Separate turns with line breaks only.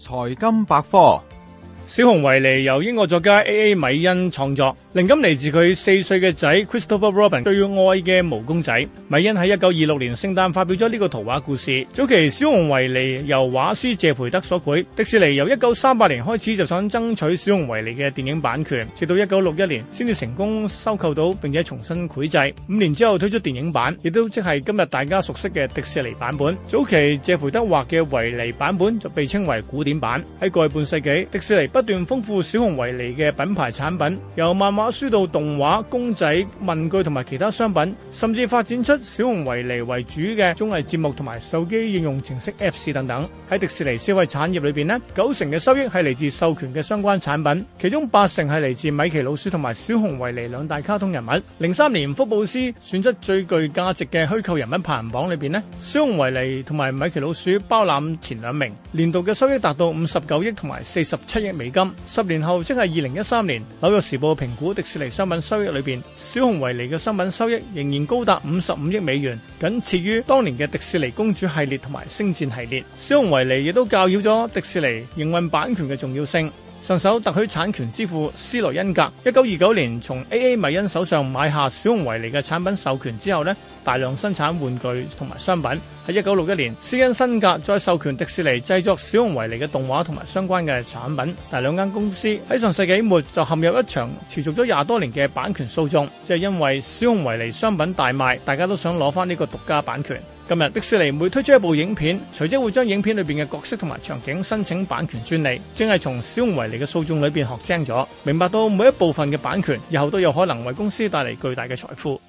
財金百科，《小熊維尼》由英國作家 A. A. 米恩創作。靈感嚟自佢四歲嘅仔 Christopher Robin 最愛嘅毛公仔。米恩喺一九二六年聖誕發表咗呢個圖畫故事。早期小熊維尼由畫師謝培德所繪。迪士尼由一九三八年開始就想爭取小熊維尼嘅電影版權，直到一九六一年先至成功收購到並且重新繪製。五年之後推出了電影版，亦都即係今日大家熟悉嘅迪士尼版本。早期謝培德畫嘅維尼版本就被稱為古典版。喺過去半世紀，迪士尼不斷豐富小熊維尼嘅品牌產品，又慢慢，畫書到動畫、公仔、文具同埋其他商品，甚至發展出小熊維尼為主嘅綜藝節目同埋手機應用程式 Apps 等等。喺迪士尼消費產業裏邊呢，九成嘅收益係嚟自授權嘅相關產品，其中八成係嚟自米奇老鼠同埋小熊維尼兩大卡通人物。零三年福布斯選出最具價值嘅虛構人物排行榜裏邊呢，小熊維尼同埋米奇老鼠包攬前兩名，年度嘅收益達到五十九億同埋四十七億美金。十年後，即係二零一三年，紐約時報嘅評估。迪士尼商品收益裏邊，小熊維尼嘅商品收益仍然高達五十五億美元，僅次於當年嘅迪士尼公主系列同埋星戰系列。小熊維尼亦都教曉咗迪士尼營運版權嘅重要性。上手特許產權之父斯萊恩格，一九二九年從 A.A. 米恩手上買下小熊維尼嘅產品授權之後呢，大量生產玩具同埋商品。喺一九六一年，斯恩辛格再授權迪士尼製作小熊維尼嘅動畫同埋相關嘅產品，但兩間公司喺上世紀末就陷入一場持續。咗廿多年嘅版權訴訟，即係因為小熊維尼商品大賣，大家都想攞翻呢個獨家版權。今日迪士尼每推出一部影片，隨即會將影片裏邊嘅角色同埋場景申請版權專利，正係從小熊維尼嘅訴訟裏邊學精咗，明白到每一部分嘅版權，以後都有可能為公司帶嚟巨大嘅財富。